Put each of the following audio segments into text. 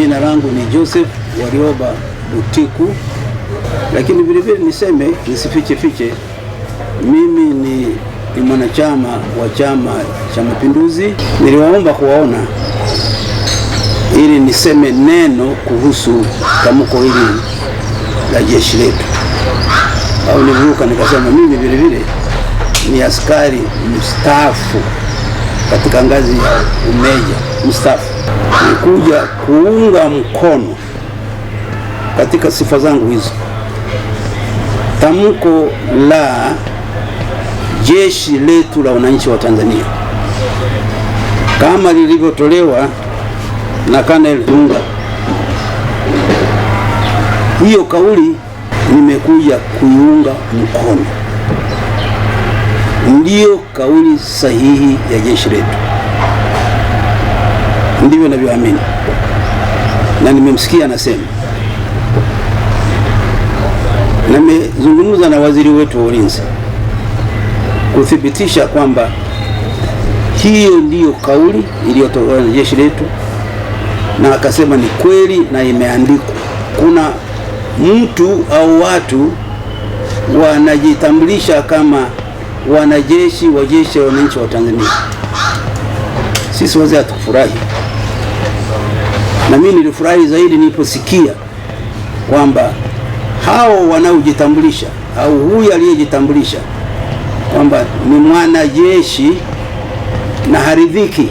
Jina langu ni Joseph Warioba Butiku, lakini vilevile niseme nisifichefiche, mimi ni, ni mwanachama wa Chama cha Mapinduzi. Niliwaomba kuwaona ili niseme neno kuhusu tamko hili la jeshi letu, au nivuka nikasema mimi vilevile ni askari mstaafu katika ngazi ya umeja mstaafu kuja kuunga mkono katika sifa zangu hizo tamko la jeshi letu la wananchi wa Tanzania kama lilivyotolewa na Kanali Dunga. Hiyo kauli nimekuja kuiunga mkono, ndiyo kauli sahihi ya jeshi letu. Ndivyo ninavyoamini na nimemsikia anasema. Nimezungumza na waziri wetu wa ulinzi kuthibitisha kwamba hiyo ndiyo kauli iliyotolewa na jeshi letu, na akasema ni kweli na imeandikwa. Kuna mtu au watu wanajitambulisha kama wanajeshi wa jeshi la wananchi wa Tanzania. Sisi wazee hatukufurahi na mimi nilifurahi zaidi niliposikia kwamba hao wanaojitambulisha au huyu aliyejitambulisha kwamba ni mwanajeshi na haridhiki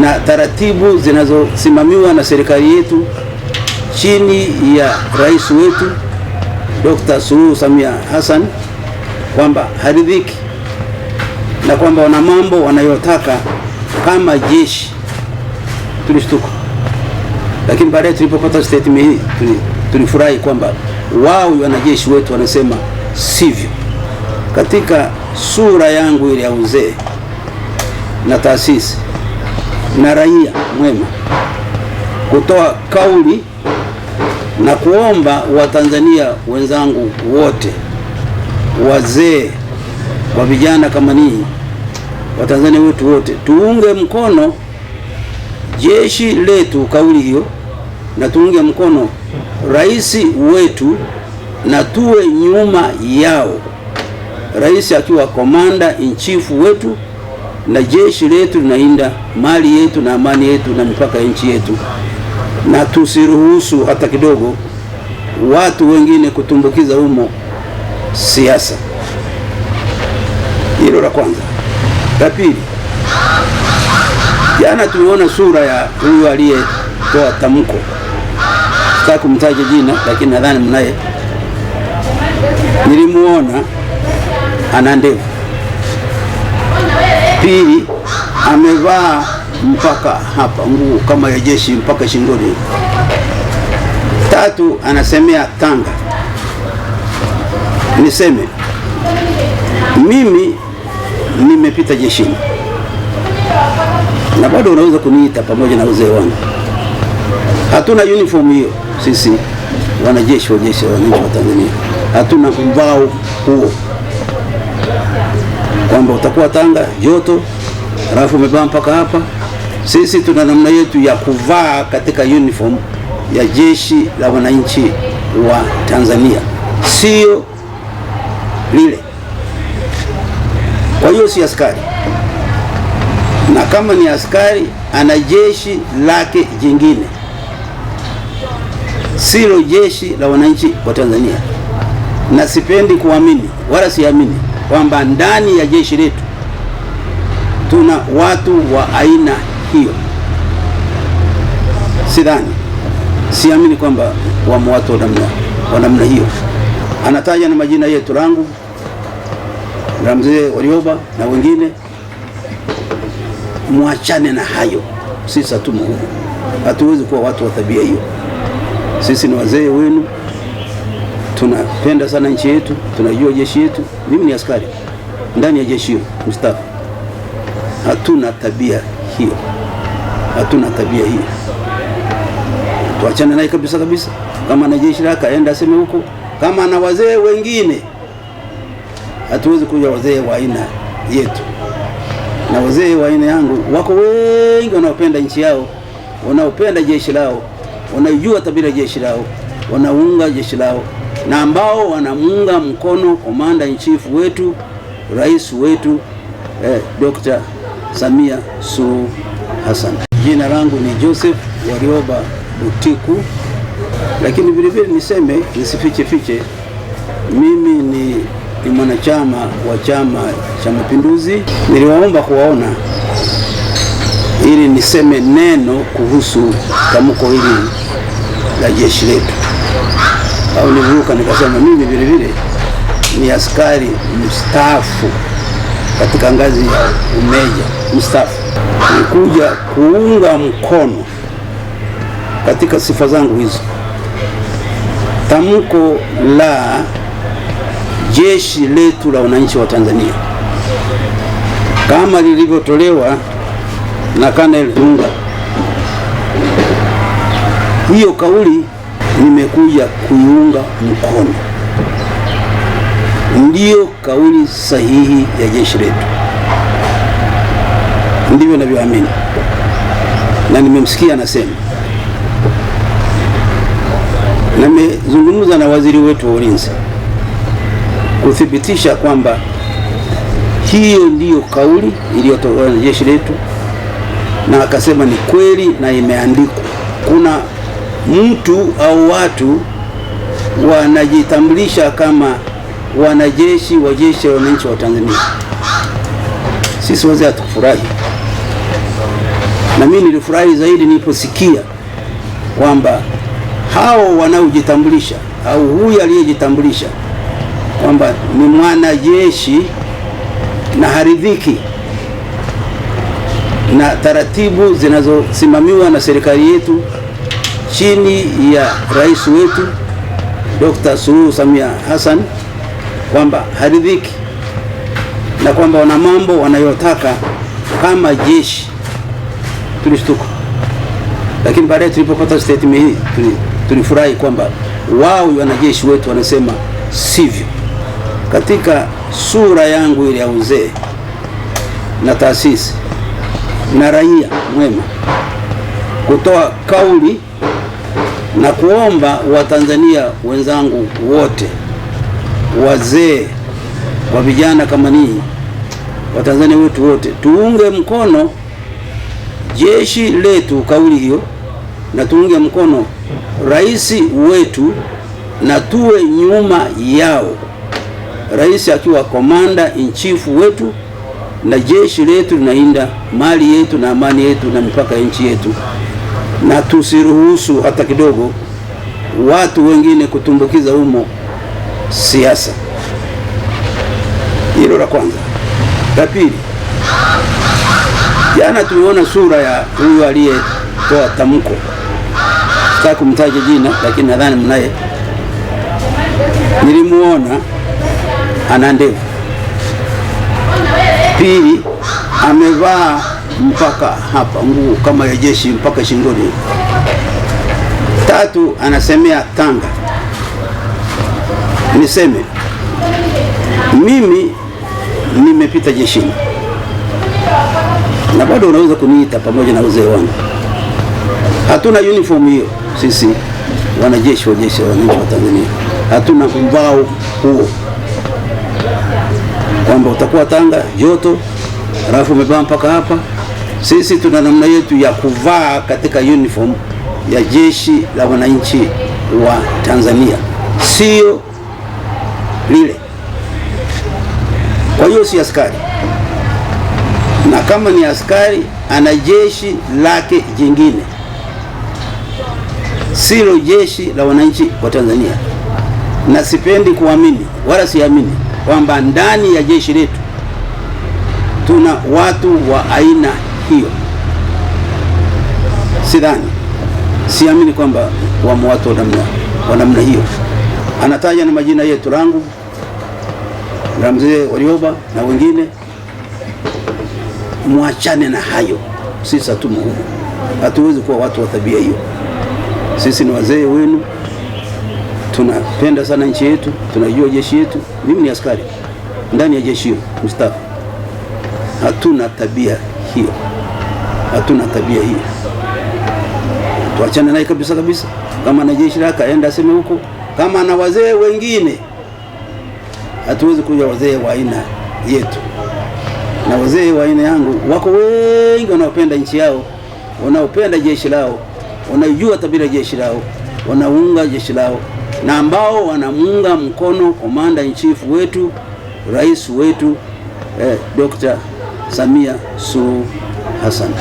na taratibu zinazosimamiwa na serikali yetu chini ya rais wetu Dr. Suluhu Samia Hassan, kwamba haridhiki na kwamba wana mambo wanayotaka kama jeshi tulishtuka, lakini baadaye tulipopata statement hii tulifurahi kwamba wao wanajeshi wetu wanasema sivyo. Katika sura yangu ile ya uzee na taasisi na raia mwema, kutoa kauli na kuomba Watanzania wenzangu wote, wazee wa vijana kama ninyi, Watanzania wetu wote tuunge mkono jeshi letu, kauli hiyo na tuunge mkono rais wetu na tuwe nyuma yao, rais akiwa komanda chief wetu na jeshi letu linainda mali yetu na amani yetu na mipaka ya nchi yetu, na tusiruhusu hata kidogo watu wengine kutumbukiza humo siasa. Hilo la kwanza. La pili Jana tumeona sura ya huyu aliyetoa tamko, sitaki kumtaja jina, lakini nadhani mnaye. Nilimuona ana ndevu, pili amevaa mpaka hapa nguo kama ya jeshi mpaka shingoni, tatu anasemea Tanga. Niseme mimi nimepita jeshini na bado unaweza kuniita pamoja na uzee wangu. Hatuna uniform hiyo sisi wanajeshi wa jeshi la wananchi wa Tanzania, hatuna mvao huo kwamba utakuwa Tanga joto alafu umevaa mpaka hapa. Sisi tuna namna yetu ya kuvaa katika uniform ya jeshi la wananchi wa Tanzania, sio lile. Kwa hiyo si askari na kama ni askari ana jeshi lake jingine, silo jeshi la wananchi wa Tanzania. Na sipendi kuamini wala siamini kwamba ndani ya jeshi letu tuna watu wa aina hiyo, sidhani, siamini kwamba wamo watu wa namna hiyo. Anataja na majina yetu, langu la mzee Warioba na wengine muachane na hayo. Sisi hatumo huko, hatuwezi kuwa watu wa tabia hiyo. Sisi ni wazee wenu, tunapenda sana nchi yetu, tunajua jeshi yetu. Mimi ni askari ndani ya jeshi hilo mstaafu. Hatuna tabia hiyo, hatuna tabia hiyo, tuachane naye kabisa kabisa. Kama ana jeshi lake aende aseme huko, kama na wazee wengine. Hatuwezi kuja wazee wa aina yetu na wazee wa aina yangu wako wengi wanaopenda nchi yao, wanaopenda jeshi lao, wanaijua tabira ya jeshi lao, wanaunga jeshi lao na ambao wanamuunga mkono komanda in chief wetu, rais wetu eh, Dr. Samia Suluhu Hassan. Jina langu ni Joseph Warioba Butiku, lakini vilevile niseme nisifiche fiche, mimi ni ni mwanachama wa Chama cha Mapinduzi. Niliwaomba kuwaona ili niseme neno kuhusu tamko hili la jeshi letu, au nivuka nikasema mimi vile vile ni askari mstaafu katika ngazi ya umeja mstaafu. Nikuja kuunga mkono katika sifa zangu hizo tamko la jeshi letu la wananchi wa Tanzania kama lilivyotolewa na Kanali Dunga. Hiyo kauli nimekuja kuiunga mkono, ndiyo kauli sahihi ya jeshi letu, ndivyo navyoamini na nimemsikia anasema. Nimezungumza na waziri wetu wa ulinzi kuthibitisha kwamba hiyo ndiyo kauli iliyotolewa na jeshi letu, na akasema ni kweli na imeandikwa. Kuna mtu au watu wanajitambulisha kama wanajeshi wa jeshi la wananchi wa Tanzania. Sisi wazee hatukufurahi, na mimi nilifurahi zaidi niliposikia kwamba hao wanaojitambulisha au huyu aliyejitambulisha kwamba ni mwanajeshi na haridhiki na taratibu zinazosimamiwa na serikali yetu chini ya rais wetu Dr. Suluhu Samia Hassan, kwamba haridhiki na kwamba wana mambo wanayotaka kama jeshi. Tulishtuka, lakini baadaye tulipopata statement hii tulifurahi kwamba wao wanajeshi wetu wanasema sivyo katika sura yangu ile ya uzee na taasisi na raia mwema, kutoa kauli na kuomba Watanzania wenzangu wote, wazee wa vijana kama ninyi, Watanzania wetu wote, tuunge mkono jeshi letu, kauli hiyo, na tuunge mkono rais wetu na tuwe nyuma yao rais akiwa komanda in chief wetu na jeshi letu linainda mali yetu na amani yetu na mipaka ya nchi yetu, na tusiruhusu hata kidogo watu wengine kutumbukiza humo siasa. Hilo la kwanza. La pili, jana tuliona sura ya huyu aliyetoa tamko, sitaki kumtaja jina, lakini nadhani mnaye, nilimuona ana ndevu. Pili, amevaa mpaka hapa nguo kama ya jeshi mpaka shingoni. Tatu, anasemea Tanga. Niseme mimi nimepita jeshini na bado unaweza kuniita pamoja na uzee wangu. Hatuna uniform hiyo sisi wanajeshi wa jeshi la wananchi wa Tanzania, hatuna mvao huo kwamba utakuwa Tanga joto, alafu umevaa mpaka hapa. Sisi tuna namna yetu ya kuvaa katika uniform ya jeshi la wananchi wa Tanzania, sio lile. Kwa hiyo si askari, na kama ni askari ana jeshi lake jingine, silo jeshi la wananchi wa Tanzania, na sipendi kuamini wala siamini kwamba ndani ya jeshi letu tuna watu wa aina hiyo. Sidhani, siamini kwamba wamo watu wa namna hiyo. Anataja na majina yetu rangu na mzee Warioba na wengine, mwachane na hayo. Sisi hatumo huko, hatuwezi kuwa watu wa tabia hiyo. Sisi ni wazee wenu tunapenda sana nchi yetu, tunajua jeshi yetu. Mimi ni askari ndani ya jeshi hiyo mstaafu. Hatuna tabia hiyo, hatuna tabia hiyo, tuachane naye kabisa kabisa. Kama na jeshi lake aenda aseme huko, kama na wazee wengine. Hatuwezi kuja wazee wa aina yetu, na wazee wa aina yangu wako wengi, wanaopenda nchi yao, wanaopenda jeshi lao, wanaijua tabia ya jeshi lao, wanaunga jeshi lao na ambao wanamuunga mkono komanda in chief wetu rais wetu eh, Dr. Samia Suluhu Hassan.